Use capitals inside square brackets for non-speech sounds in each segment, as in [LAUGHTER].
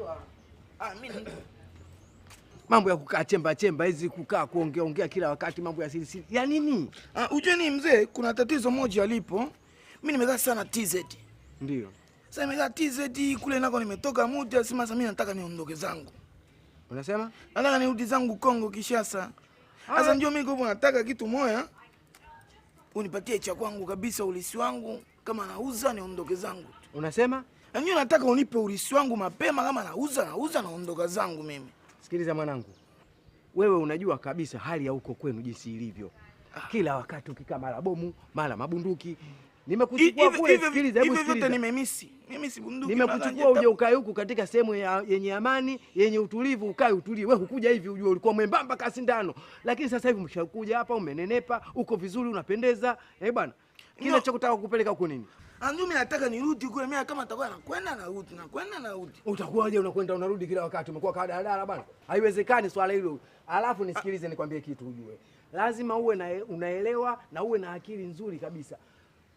Unajua ah, mimi [CLEARS THROAT] mambo ya kukaa chemba chemba hizi kukaa kuongea ongea kila wakati mambo ya siri siri ya nini? Ah, ujue ni mzee, kuna tatizo moja alipo. Mimi nimezaa sana TZ. Ndio. Sasa nimezaa TZ kule nako nimetoka muda sima, sasa mimi nataka niondoke zangu. Unasema? Nataka nirudi zangu Kongo Kishasa. Ah. Sasa ndio mimi kwa nataka kitu moja. Unipatie cha kwangu kabisa ulisi wangu kama nauza niondoke zangu. Unasema? na nataka unipe urisi wangu mapema. Kama nauza nauza, naondoka zangu mimi. Sikiliza mwanangu, wewe unajua kabisa hali ya huko kwenu jinsi ilivyo, ah. kila wakati ukikaa mara bomu mara mabunduki. Nimekuchukua kule, sikiliza, hebu sikiliza, nimemisi mimi si bunduki, nimekuchukua uje ukae huku katika sehemu yenye amani yenye utulivu, ukae utulie. Wewe hukuja hivi, ujue ulikuwa mwembamba sindano, lakini sasa hivi mshakuja hapa, umenenepa, uko vizuri, unapendeza. Eh bwana, kile cha kutaka kukupeleka huko nini? Anzu mimi nataka nirudi kule, mimi kama atakuwa nakwenda narudi, nakwenda narudi. Utakuwaje unakwenda unarudi kila wakati? Umekuwa kama daladala bana. Haiwezekani swala hilo. Alafu nisikilize nikwambie kitu ujue. Lazima uwe na unaelewa na uwe na akili nzuri kabisa.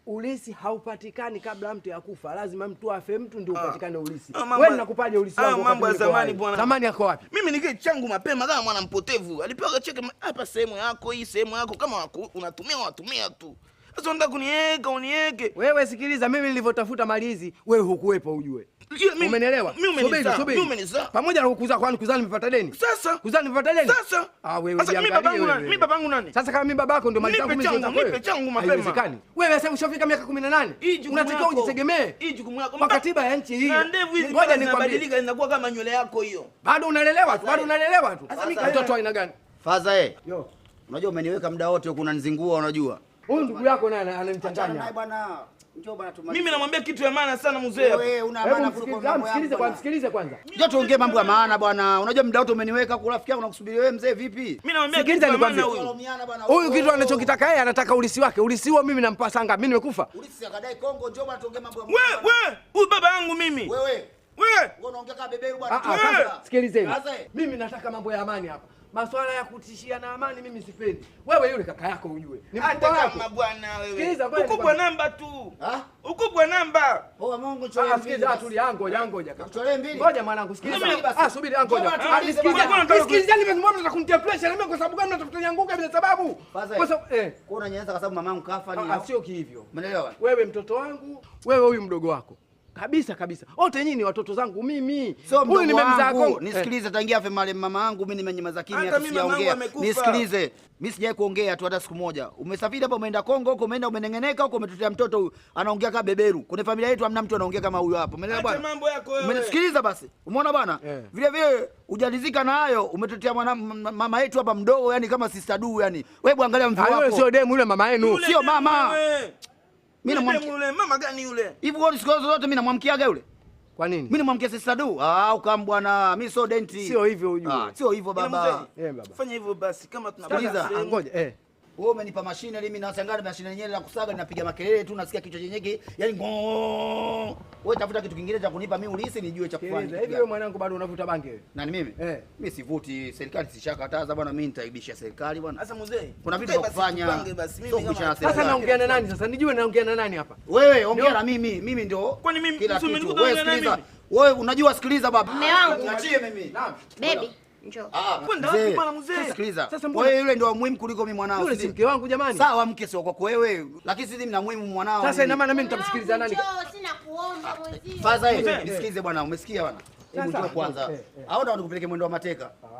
Ulisi haupatikani kabla mtu ya kufa. Lazima mtu afe mtu ndio ah. upatikane ulisi. Ah, Wewe unakupaje ulisi ah, wako? Mambo ya zamani bwana. Zamani yako wapi? Mimi nige changu mapema kama mwana mpotevu. Alipewa cheke hapa sehemu yako hii, sehemu yako kama unatumia unatumia tu. Sasa unataka kuniweka uniweke. Wewe sikiliza, mimi nilivyotafuta malizi wewe hukuwepo ujue. Umenielewa? Subiri, subiri. Pamoja na kukuza kwani kuzani nimepata deni. Sasa kuzani nimepata deni. Sasa ah wewe jamani. Sasa mimi babangu nani? Mimi babangu nani? Sasa kama mimi babako ndio mali zangu mimi kwewe. Nipe changu mapema. Haiwezekani. Wewe sasa ushafika miaka 18. Unatakiwa ujitegemee. Hii jukumu lako. Kwa katiba ya nchi hii. Na ndevu hizi ngoja nikwambie. Inakuwa kama nywele yako hiyo. Bado unalelewa tu, bado unalelewa tu. Sasa mimi mtoto aina gani? Faza eh. Yo. Unajua umeniweka muda wote huko unanizingua unajua. Huyu ndugu yako naye ananichanganya. Mimi namwambia kitu ya maana sana mzee. Wewe kwanza, sikiliza kwanza. Njoo tuongee mambo ya maana bwana. Unajua muda wote umeniweka kwa rafiki yangu nakusubiri wewe mzee vipi? Mimi namwambia kitu ya maana huyu. Huyu kitu anachokitaka yeye anataka ulisi wake. Ulisi wao mimi nampa sanga. Mimi nimekufa. Ulisi akadai Kongo njoo bwana tuongee mambo ya maana. Wewe wewe, huyu baba yangu mimi. Wewe. Wewe. Wewe unaongea kama beberu bwana. Ah, ah, sikilizeni. Mimi nataka mambo ya amani hapa. Maswala ya kutishia na amani mimi sipendi. Wewe yule kaka yako ujue. Ni mkubwa kama bwana wewe. Sikiliza bwana. Ukubwa namba tu. Ah? Ukubwa namba. Oh Mungu choe. Ah, sikiliza tu liango jango eh? kaka. Choe mbili. Ngoja mwanangu sikiliza. Ah, subiri ango jaka. Ah, sikiliza. ni mimi mbona nakumtia pressure na mimi kwa sababu gani unatafuta nianguke bila sababu? Kwa sababu eh. Kwa unanyanyasa kwa sababu mamangu kafa ni. Ah, ah sio kihivyo. Umeelewa? Wewe mtoto wangu, wewe huyu mdogo wako kabisa kabisa, wote nyinyi ni watoto zangu mimi. So, Huyu nimemzaa Kongo. Nisikilize, tangia afe male mama yangu mimi nimenyamaza kimya, hata sijaongea. Nisikilize, mimi sijawahi kuongea tu hata siku moja. Umesafiri hapa, umeenda Kongo huko, umeenda umenengeneka huko, umetotea mtoto huyu anaongea kama beberu. Kwenye familia yetu hamna mtu anaongea kama huyu hapa, umeelewa bwana? Mambo umenisikiliza basi. Umeona bwana, yeah. vile vile ujalizika na hayo, umetotea mwana mama yetu hapa mdogo, yani kama sister du, yani wewe, angalia mvua wako. Sio demu yule, mama yenu sio mama mimi namwamkia yule mama gani yule? Hivi wewe siku zote mimi namwamkiaga yule? Kwa nini? Mimi namwamkia sasa du. Ah, ukam bwana, mimi sio denti. Sio hivyo unajua. Ah, sio hivyo baba. Eh, baba. Fanya hivyo basi kama tunapata. Ah, ngoja, eh wewe umenipa mashine mimi na washangaa mashine yenyewe la kusaga linapiga makelele tu, nasikia kichwa chenyewe yani ngoo. Wewe tafuta kitu kingine cha kunipa mimi ulisi nijue cha kufanya. Hivi wewe mwanangu bado unavuta bangi wewe? Nani mimi? Eh. Mimi sivuti, serikali sishakataza bwana, mimi nitaibisha serikali bwana. Sasa mzee, kuna vitu vya kufanya. Sasa naongea na nani sasa? Nijue naongea na nani hapa? Wewe ongea na mimi, mimi ndio. Kwani mimi mimi nikuta wewe, sikiliza. Wewe unajua, sikiliza baba. Mume wangu. Niachie mimi. Naam. Baby. Njoo. Ah, kwenda wapi mzee? Sikiliza. wewe yule ndio muhimu kuliko mimi mwanao? Yule si mke wangu jamani. Sawa mke sio kwako wewe. Lakini sisi mna muhimu mwanao. Sasa ina maana mimi nitamsikiliza nani? Njoo, sina kuomba mwenzie. Faza yeye, nisikilize bwana, umesikia bwana? Hebu njoo kwanza. Eh, eh, eh. Au ndo nikupeleke mwendo wa mateka? Ah.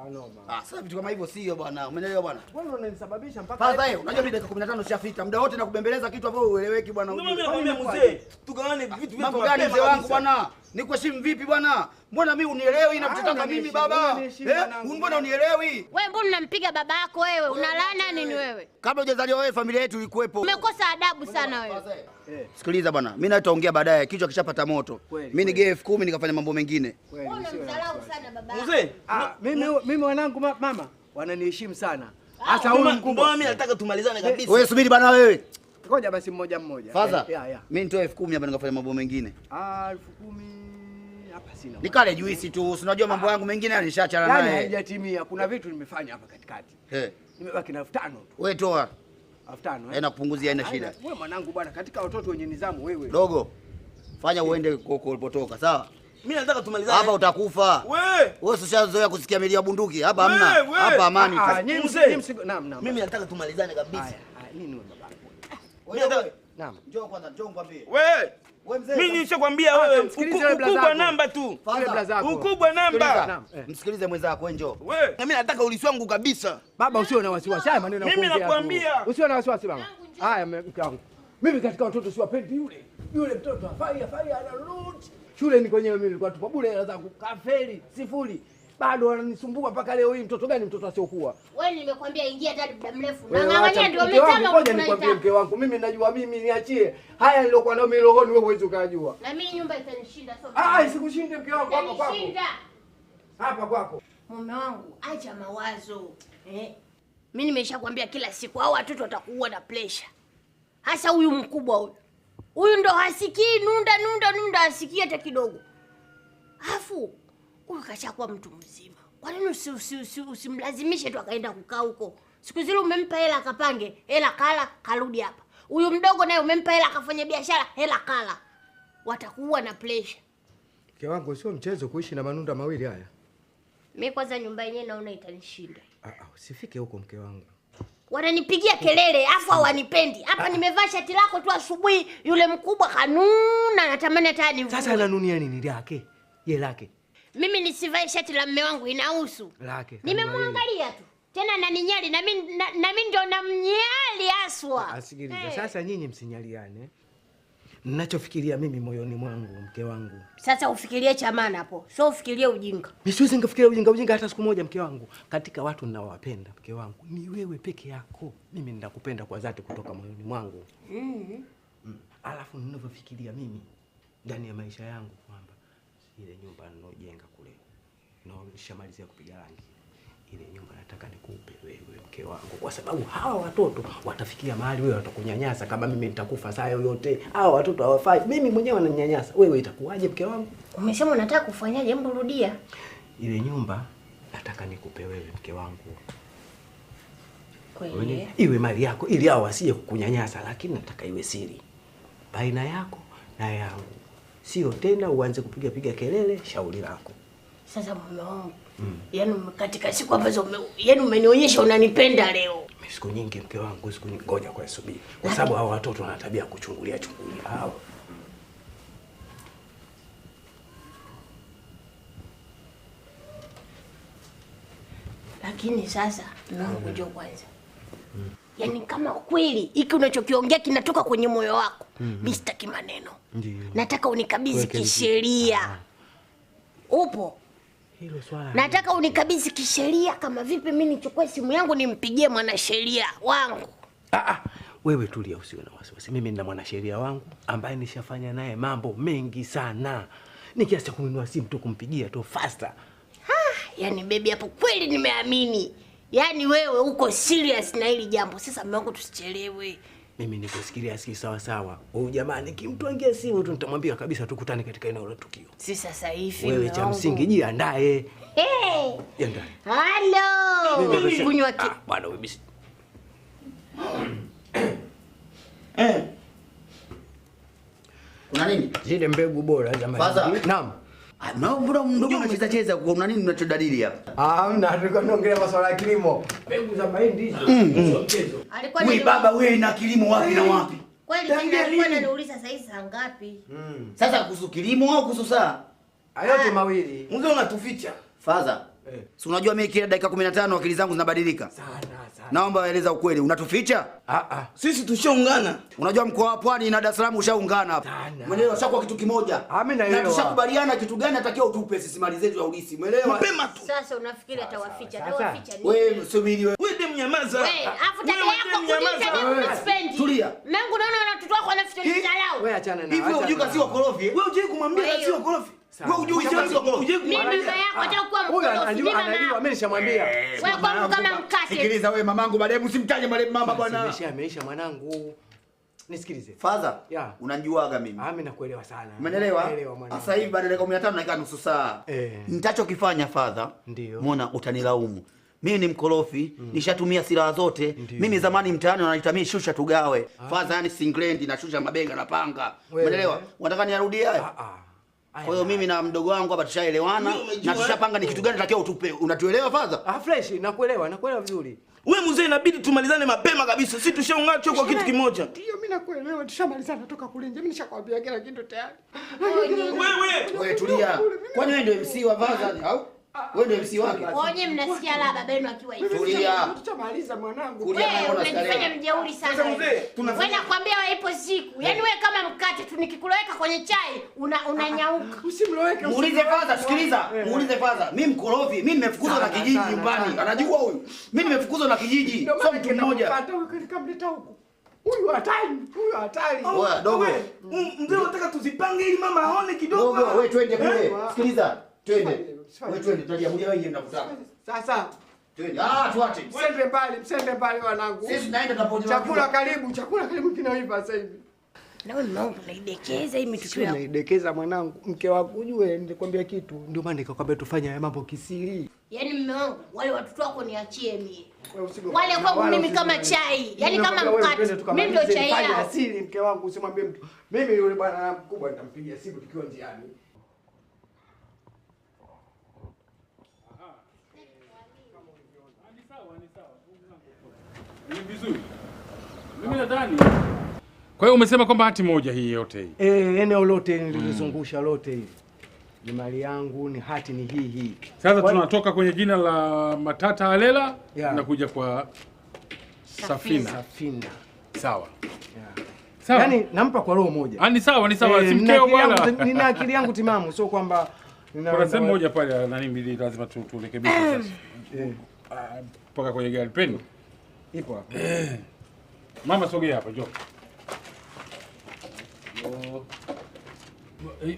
Ah, sasa vitu kama hivyo sio bwana, umeelewa bwana? Wewe ndio unanisababisha mpaka sasa hiyo. Unajua mimi dakika 15 ushafika. Muda wote nakubembeleza kitu hapo ueleweki bwana. Mzee, tugawane vitu vyetu. Mambo gani mzee wangu bwana? Nikuheshimu vipi bwana? Mbona mimi unielewi na ah, kuchotaka mimi baba? Eh, mbona unielewi? Wewe mbona unampiga baba yako wewe? Unalana nini wewe? Kabla hujazaliwa wewe familia yetu ilikuwepo. Umekosa adabu sana wewe. Eh. Sikiliza bwana, mimi na tutaongea baadaye, kichwa kishapata moto. Mimi nigee elfu kumi nikafanya mambo mengine. Mzee, ah, mimi mimi wanangu mama wananiheshimu sana. Ah, Hata huyu mkubwa mimi nataka tumalizane kabisa. Wewe subiri bana wewe. Ngoja basi mmoja mmoja. Faza. Eh, mimi nitoa elfu kumi hapa nikafanya mambo mengine. Ah, elfu kumi hapa sina. Nikale juisi tu, Si unajua mambo ah, yangu mengine nishachana yaani naye. Yaani haijatimia. Kuna vitu nimefanya hapa katikati. Eh. Nimebaki na elfu tano. Wewe toa. Elfu tano. Eh, eh nakupunguzia ina ah, shida. Wewe mwanangu bwana, katika watoto wenye nidhamu wewe. Dogo. Fanya uende huko ulipotoka, sawa? Mimi nataka tumalizane. Hapa utakufa. Wewe. Wewe sio ushazoea kusikia milio ya bunduki. Hapa hamna. Hapa amani. Ah, ah Naam, naam. Mimi nataka tumalizane kabisa. Haya, Nini wewe baba? Wewe nataka. Naam. Njoo kwanza, njoo nikwambie. Wewe. Wewe mzee. Mimi nilishakwambia ah, wewe ukubwa namba tu. Ukubwa namba. Msikilize mwenzako wewe njoo. Wewe. Mimi nataka ulisi wangu kabisa. Baba usio na wasiwasi. Haya maneno yanakuongea. Mimi nakwambia. Usio na wasiwasi baba. Haya mke wangu. Mimi katika watoto siwapendi yule. Yule mtoto afai afai ana root. Shule ni kwenyewe mimi nilikuwa tupa bure hela zangu. Kafeli sifuri. Bado wananisumbua mpaka leo hii mtoto gani mtoto asiokuwa. Wewe nimekwambia ingia ndani muda mrefu. Na ngangania ndio umetama kwa nikwambie mke wangu mimi najua mimi niachie. Haya nilokuwa nayo mirohoni wewe huwezi ukajua. Na mimi nyumba itanishinda sio. Ah, ah isikushinde mke wangu hapa kwako. Hapa kwako. Mume wangu acha mawazo. Eh. Mimi nimeshakwambia kila siku hao watoto watakuwa na pressure. Hasa huyu mkubwa huyu huyu ndo hasikii nunda nunda nunda, hasikii hata kidogo. Afu huyu kashakuwa mtu mzima, kwa nini usimlazimishe tu akaenda kukaa huko? Siku zile umempa hela akapange, hela kala, karudi hapa. Huyu mdogo naye umempa hela akafanya biashara, hela kala. Watakuwa na pressure. Mke wangu, sio mchezo kuishi na manunda mawili haya. Mi kwanza nyumba yenyewe naona itanishinda. Ah, ah usifike huko mke wangu wananipigia kelele afu hawanipendi hapa. Nimevaa shati lako tu asubuhi, yule mkubwa kanuna, natamani hata nivue. Sasa ananunia nini lake? Ye lake mimi nisivae shati la mme wangu, inahusu lake? Nimemwangalia tu tena naninyali, nami ndio namnyali haswa. Asikiliza, eh. Sasa nyinyi msinyaliane Ninachofikiria mimi moyoni mwangu, mke wangu. Sasa ufikirie cha maana hapo, sio ufikirie ujinga. Mimi siwezi nikafikiria ujinga ujinga hata siku moja, mke wangu. Katika watu ninaowapenda, mke wangu, ni wewe peke yako. Mimi ninakupenda kwa dhati kutoka moyoni mwangu. Mm. Mm. Alafu ninavyofikiria mimi ndani ya maisha yangu kwamba ile nyumba ninayojenga kule, naomba nishamalizia kupiga rangi ile nyumba nataka nikupe wewe mke wangu, kwa sababu hawa watoto watafikia mahali wewe watakunyanyasa. Kama mimi nitakufa saa yoyote, hawa watoto hawafai. Mimi mwenyewe wananyanyasa, wewe itakuwaje mke wangu? Umesema unataka kufanyaje? Hebu rudia. Ile nyumba nataka nikupe wewe mke wangu kweli, iwe mali yako, ili hao wasije kukunyanyasa, lakini nataka iwe siri baina yako na yangu, sio tena uanze kupiga piga kelele. Shauri lako sasa, mume wangu Mm. Yaani katika siku ambazo yaani umenionyesha unanipenda leo. Siku nyingi mke wangu, siku nyingi ngoja kwa subiri. Kwa sababu hao watoto wana tabia ya kuchungulia chungulia hao. Lakini sasa mwangu njoo kwanza. Mm. Yaani kama kweli hiki unachokiongea kinatoka kwenye moyo wako, mm -hmm. Mimi sitaki maneno. Ndiyo. Nataka unikabidhi kisheria. Ah. Upo? Hilo swala. Nataka unikabidhi kisheria kama vipi mimi nichukue simu yangu nimpigie mwanasheria wangu. Ah ah. Wewe tulia usiwe na wasiwasi. Mimi nina mwanasheria wangu ambaye nishafanya naye mambo mengi sana. Ni kiasi cha kununua simu tu kumpigia tu faster. Ha, yani bebi hapo kweli nimeamini. Yaani wewe uko serious na hili jambo. Sasa wangu tusichelewe mimi nikusikiria si sawa sawa. Huyu jamaa nikimtwangia simu tu nitamwambia kabisa tukutane katika eneo la tukio. Si sasa hivi. Wewe cha msingi jiandae. Hey. Jiandae. Hello. Kunywa ki. Ah, bwana wewe bisi. Eh. Kuna nini? Zile mbegu bora za maji. Naam. Na mbona mdogo unacheza cheza kwa kuna nini unachodadili hapa? Ah, mna tulikuwa tunaongelea masuala ya kilimo. Mbegu za mahindi hizo. Mm. Alikuwa ni baba wewe na kilimo wapi na wapi? Kweli alikuwa ananiuliza sasa hizi saa ngapi? Mm. Sasa kuhusu kilimo au kuhusu saa? Hayote ah. mawili. Mzee unatuficha. Faza. Eh. Si unajua mimi kila dakika 15 akili zangu zinabadilika. Sana. Naomba eleza ukweli, unatuficha? Ah ah. Sisi tushaungana. Unajua mkoa wa Pwani na Dar es Salaam ushaungana hapo. Umeelewa? Sasa kwa kitu kimoja. Amina ah, na tushakubaliana kitu gani atakiwa utupe sisi mali zetu za urithi. Umeelewa? Mapema tu. Sasa unafikiri atawaficha? Atawaficha nini? Wewe msubiri wewe. Wewe demu nyamaza. Wewe tabia yako kujiza spend. Tulia. Mungu naona wanatutoa kwa nafsi ya dharau. Wewe achana na. Hivi unajua si wakorofi. Wewe unajua kumwambia si wakorofi. Wewe unajui chanzo eh, Sikiliza wewe mamangu baadaye msimtaje mama bwana. ameisha mwanangu. Nisikilize. Father, yeah. Unanijuaga mimi. Ah, mimi nakuelewa sana. Umeelewa? Sasa hivi baada ya dakika 15 nusu saa. Eh. Nitachokifanya father, ndio. Muona utanilaumu. Mimi ni mkorofi, mm. nishatumia silaha zote. Ndiyo. Mimi zamani mtaani wanaita mimi shusha tugawe. Ah. Father, yani singlendi na shusha mabenga na panga. Umeelewa? Unataka niarudie Ah ah. Kwa hiyo mimi na mdogo wangu hapa tushaelewana na tushapanga ni kitu gani tunatakiwa utupe. Unatuelewa father? Ah, fresh, nakuelewa, nakuelewa vizuri. Wewe mzee, inabidi tumalizane mapema kabisa. Sisi tushaungana kwa kitu kimoja. Ndio mimi nakuelewa, tushamalizana toka kule nje. Mimi nishakwambia kila kitu tayari. Wewe, wewe tulia. Kwani wewe ndio MC wa Vaza au? Wewe ndio MC wake. Wewe mnasikia la baba yenu akiwa hivi. Tulia. Tutamaliza mwanangu. Wewe unajifanya mjeuri sana. Sasa mzee, tunafanya. Wewe nakwambia wewe ipo siku. Yaani wewe kama mkate tu nikikuloweka kwenye chai una unanyauka. [LAUGHS] Usimloweke. Muulize kwanza, sikiliza. Eh. Muulize kwanza. Mimi mkorofi, mimi nimefukuzwa na kijiji nyumbani. Anajua huyu. Mimi nimefukuzwa na kijiji. Sio mtu mmoja. Kamleta huku. Huyu hatari, huyu hatari. Oh, wewe dogo. Mm, mzee unataka tuzipange ili mama aone kidogo. Dogo, wewe twende eh? kule. Sikiliza. Twende. Sasa ah, msende mbali, msende mbali wanangu, chakula karibu, chakula karibu kinaiva sasa hivi. mwanangu, mke wako ujue, nilikwambia kitu, ndio maana nikakwambia tufanye haya mambo kisiri. Yaani mume wangu, wale watoto wako niachie mimi. Wale kwangu mimi kama chai, yaani kama mkate. Mimi ndio chai yao. Asili mke wangu, usimwambie mtu. Mimi yule bwana mkubwa nitampigia simu tukiwa njiani. Ni vizuri. Mimi nadhani. Kwa hiyo umesema kwamba hati moja hii yote hii. Eh, eneo lote mm. nilizungusha mm. lote hili. Ni mali yangu, ni hati ni hii hii. Sasa kwa... tunatoka kwenye jina la Matata Alela yeah. na kuja kwa Safina. Safina. Sawa. Yeah. Sawa. Yaani nampa kwa roho moja. Ah, ni sawa, ni sawa. E, eh, Simkeo bwana. Nina akili yangu timamu, sio kwamba kuna sehemu moja pale ah, na nini lazima turekebishe sasa. Eh. Ah, mpaka kwenye gari peni. Ipo hapa. [CLEARS THROAT] Mama, sogea hapa njoo.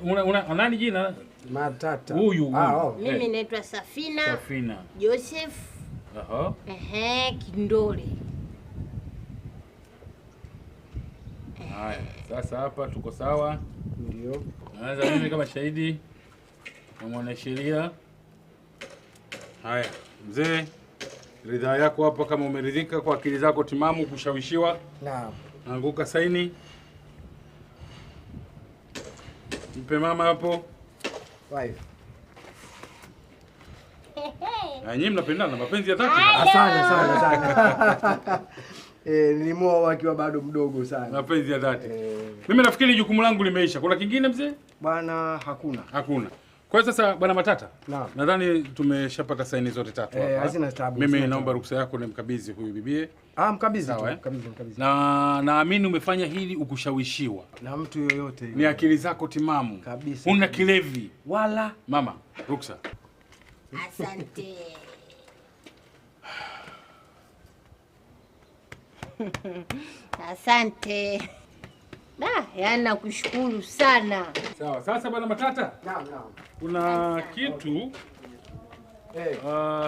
Una, una nani jina? Matata. Huyu. Ah, oh. Mimi eh. naitwa Safina. Safina. Joseph. Aha. Ehe, Kindole. Haya, sasa hapa tuko sawa. Ndio. Naanza mimi kama shahidi na mwanasheria. Haya, mzee ridhaa yako hapa, kama umeridhika kwa akili zako timamu kushawishiwa. Naam. Anguka saini, mpe mama hapo. Nyinyi mnapendana, mapenzi ya dhati ah, sana sana sana. [LAUGHS] Eh, nilimwoa wakiwa bado mdogo sana. Mapenzi ya dhati. Eh. Mimi nafikiri jukumu langu limeisha. Kuna kingine mzee? Bwana, hakuna. Hakuna. Kwa sasa Bwana Matata, nadhani tumeshapata saini zote tatu eh, hapa. Eh, hazina taabu. Mimi naomba ruhusa yako ni mkabizi huyu bibie. Ah, mkabidhi tu, eh? mkabidhi, mkabidhi. Na naamini umefanya hili ukushawishiwa na mtu yoyote Ni akili zako timamu. Kabisa. Una kilevi. Wala. Mama, ruhusa. Asante. [LAUGHS] Asante. Yaani nakushukuru sana. Sawa, sasa bwana Matata. Naam, naam. Kuna kitu hey, eh. uh,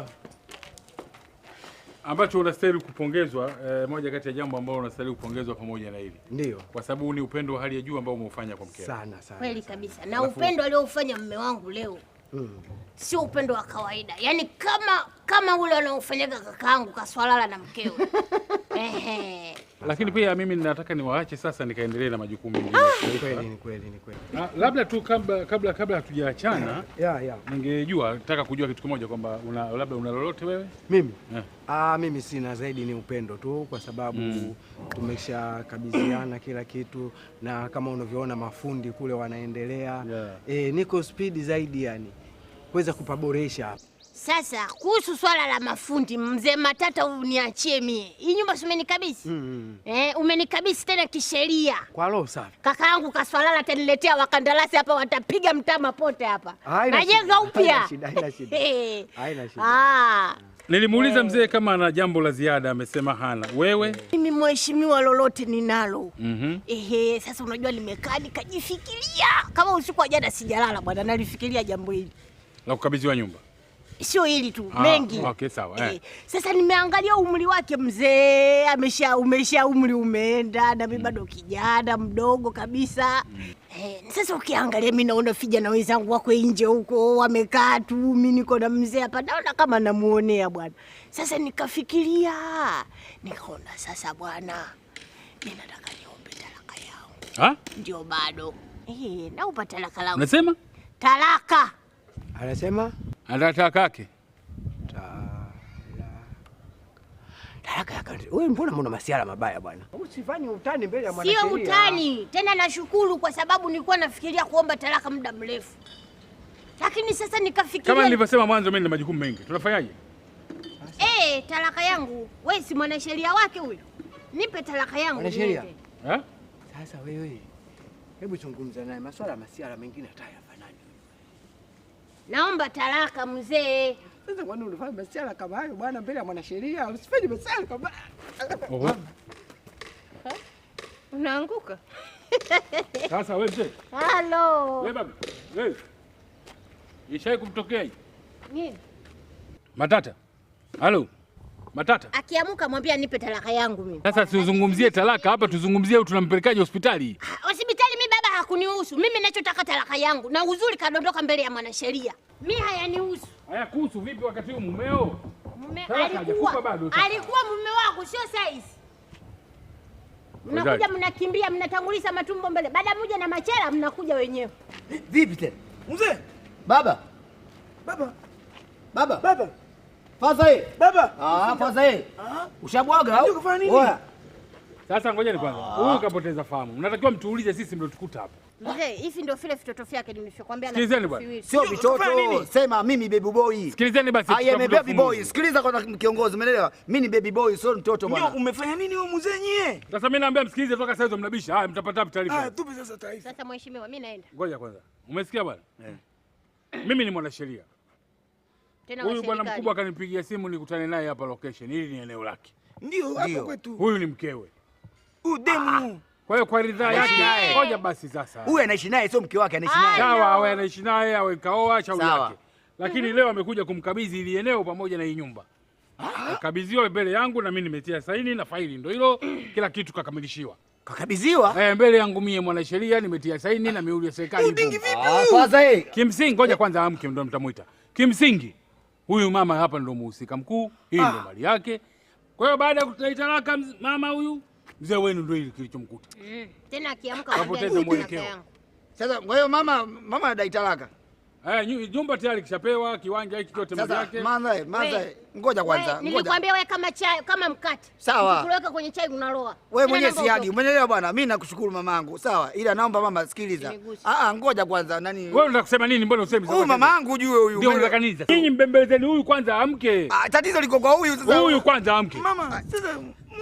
ambacho unastahili kupongezwa eh, moja kati ya jambo ambalo unastahili kupongezwa pamoja na hili. Ndio. Kwa sababu ni upendo wa hali ya juu ambao umeufanya kwa mkeo. Sana sana. Kweli kabisa. Na Lafu... upendo alioufanya mme wangu leo mm, sio upendo wa kawaida. Yaani kama kama ule anaofanyaga kakaangu Kaswalala na mkeo. [LAUGHS] Ehe lakini pia mimi nataka niwaache sasa nikaendelee na majukumu mengine. Ah! Ni kweli, ni kweli, ni kweli. Ah, labda tu kabla kabla kabla hatujaachana, [CLEARS THROAT] yeah, yeah. Ningejua nataka kujua kitu kimoja kwamba una, labda una lolote wewe? Mimi yeah. Ah, mimi sina zaidi, ni upendo tu kwa sababu mm. tumeshakabidhiana kila kitu na kama unavyoona mafundi kule wanaendelea yeah. E, niko spidi zaidi yani kuweza kupaboresha hapa. Sasa kuhusu swala la mafundi, mzee Matata, uniachie mie. Hii nyumba si umenikabisi? Mm, mm. Eh, umenikabisi tena kisheria kwa roho safi. Kaka yangu Kaswalala ataniletea wakandarasi hapa, watapiga mtama pote hapa, najenga upya. Nilimuuliza mzee kama ana jambo la ziada, amesema hana. Wewe mimi mheshimiwa, lolote ninalo. mm -hmm. Ehe, sasa unajua nimekaa nikajifikiria, kama usiku wa jana sijalala bwana, nalifikiria jambo hili la kukabidhiwa nyumba sio hili tu ah, mengi okay, sawa, eh, eh. Sasa nimeangalia umri wake mzee amesha umesha umri umeenda, nami bado mm. kijana mdogo kabisa mm. Eh, sasa ukiangalia mimi naona vijana wenzangu wako nje huko wamekaa tu, mimi niko na mzee hapa, naona kama namuonea bwana. Sasa nikafikiria nikaona, sasa bwana, mimi nataka niombe talaka yangu, ndio bado eh, naomba talaka langu. Unasema talaka, anasema alatakake wewe mbona mna masiara mabaya bwana? Usifanye utani mbele ya mwanasheria. Sio utani tena, nashukuru kwa sababu nilikuwa nafikiria kuomba talaka muda mrefu, lakini sasa nikafikiria, kama nilivyosema mwanzo, mimi nina majukumu mengi. Tunafanyaje? Eh, talaka yangu. Wewe si mwanasheria wake huyo? Nipe talaka yangu. Mwanasheria. Eh? Sasa wewe, hebu zungumza naye masuala ya masiara mengine hata Naomba talaka mzee. Sasa kwani unafanya masuala kama hayo bwana mbele ya mwanasheria? Usifanye masuala kama hayo. Unaanguka. [LAUGHS] Sasa wewe mzee. Halo. Wewe baba. Wewe. Ishai kumtokea hii. Nini? Matata. Halo. Matata. Akiamuka mwambie anipe talaka yangu mimi. Sasa siuzungumzie talaka hapa, tuzungumzie tunampelekaje hospitali? Ah, hospitali kunihusu mimi, nachotaka talaka yangu na uzuri kadondoka mbele ya mwanasheria, mi hayanihusu. Hayakuhusu vipi wakati huu mumeo? Mume alikuwa alikuwa mume wako, sio saizi mnakuja mnakimbia mnatanguliza matumbo mbele, baada muja na machela mnakuja wenyewe. Vipi tena mzee? Baba baba baba baba, faza baba, ah faza eh, ushabwaga au kufanya nini? Sasa ngoja ni kwanza. Ah. Huyu kapoteza fahamu. Unatakiwa mtuulize sisi ndio tukuta hapa. Mzee, hivi ndio vile vitoto vyake nimeshakwambia na Sikilizeni bwana. Sio vitoto, sema mimi baby boy. Sikilizeni basi. I am baby boy. Sikiliza kwa kiongozi, umeelewa? Mimi ni baby boy, sio mtoto bwana. Ndio umefanya nini wewe mzee nyie? Sasa mimi naambia msikilize toka sasa hizo mnabisha. Haya mtapata taarifa. Ah, tupe sasa taarifa. Sasa mheshimiwa, mimi naenda. Ngoja kwanza. Umesikia bwana? Eh. Mimi ni mwanasheria. Tena huyu bwana mkubwa akanipigia simu nikutane naye hapa location. Hili ni eneo lake. Ndio hapo kwetu. Huyu ni mkewe udemu. Ah, kwa hiyo kwa ridhaa yake, ngoja basi sasa. Huyu anaishi naye, sio mke wake, anaishi naye. Sawa, awe anaishi naye awe kaoa huyu yake, lakini leo amekuja kumkabidhi ile eneo pamoja na hii nyumba ah? Kabidhiwa mbele yangu na mimi nimetia saini na faili, ndio hilo kila kitu kakamilishiwa. Kakabidhiwa eh, mbele yangu mie mwanasheria nimetia saini na miuli ya serikali. Ah, kwanza eh. Kimsingi ngoja kwanza amke, ndio mtamuita. Kimsingi huyu mama hapa ndio muhusika mkuu, hii ndio mali yake. Kwa hiyo baada ya kutai talaka mama huyu mzee wenu ndio kilichomkuta mm. tena, akiamka kapoteza mwelekeo. Sasa kwa hiyo mama mama adai talaka. Eh, nyumba tayari kishapewa, kiwanja hiki chote mali yake. Mama, mama, ngoja kwanza, Nilikwambia wewe kama chai, kama mkate. Sawa. Ukiweka kwenye chai unaloa. Wewe mwenyewe siagi, hadi, umeelewa bwana? Mimi nakushukuru mamangu. Sawa, ila naomba mama sikiliza. Ah ah, ngoja kwanza nani. Wewe unataka kusema nini? Mbona usemi sasa? Huyu mamangu ujue huyu. Ndio unataka nini sasa? Nyinyi mbembelezeni huyu kwanza amke. Ah, tatizo liko kwa huyu sasa. Huyu kwanza amke. Mama, sasa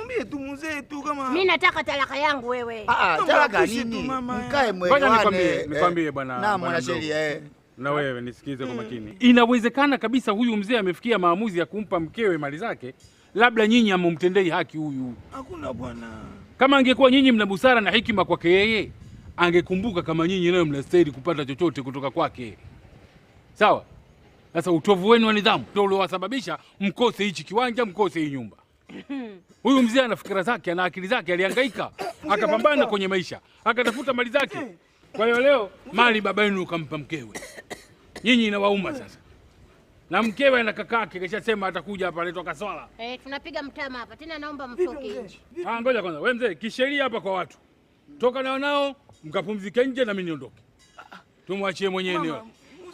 Mwambie tu mzee tu kama Mimi nataka talaka yangu wewe. Ah, ah talaka nini? Mkae mwelewane. Nikwambie, nikwambie bwana. Na mwanasheria eh. Na wewe nisikize kwa mm. makini. Inawezekana kabisa huyu mzee amefikia maamuzi ya kumpa mkewe mali zake, labda nyinyi amumtendei haki huyu. Hakuna bwana. Kama angekuwa nyinyi mna busara na hekima kwake yeye, angekumbuka kama nyinyi nayo mnastahili kupata chochote kutoka kwake. Sawa? Sasa utovu wenu wa nidhamu ndio uliowasababisha mkose hichi kiwanja, mkose hii nyumba. [COUGHS] Huyu mzee ana fikra zake, ana akili zake, alihangaika akapambana kwenye maisha akatafuta mali zake. Kwa hiyo leo mali baba yenu ukampa mkewe, nyinyi inawauma sasa, na mkewe na kaka yake kishasema atakuja hapa, anaitwa Kaswala. Eh, tunapiga mtama hapa tena, naomba mtoke nje. Ah, ngoja kwanza, wewe mzee, kisheria hapa kwa watu, toka na wanao mkapumzike nje, na mimi niondoke, tumwachie mwenyewe eneo.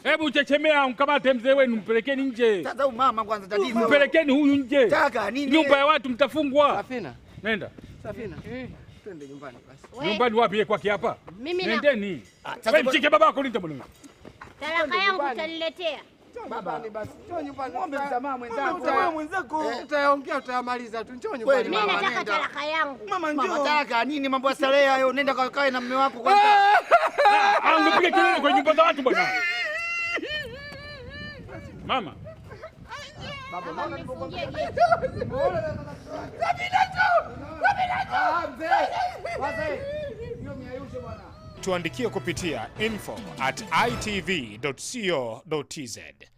Hebu chechemea mkamate mzee wenu, mpelekeni nje. Sasa mama kwanza tatizo. Mpelekeni huyu nje. Taka nini? Nyumba ya watu mtafungwa. Safina. Nenda. Safina. Eh, twende nyumbani basi. Nyumbani wapi yeye kwake hapa? Mimi na. Nendeni. Ah, Wewe mchike yako nini tabuni? Talaka yangu utaniletea. Baba ni basi. Njoo nyumbani. Ngombe mtamaa mwenzako. Mtamaa mwenzako. Eh. Utayaongea utayamaliza tu. Njoo nyumbani. Mimi nataka talaka yangu. Mama njoo. Mama talaka nini mambo ya salehe hayo? Nenda kakae na mume wako kwanza. Ah, ungepiga ah, kelele kwa nyumba za watu bwana. Mama. Ah, Tuandikie kupitia info at itv.co.tz.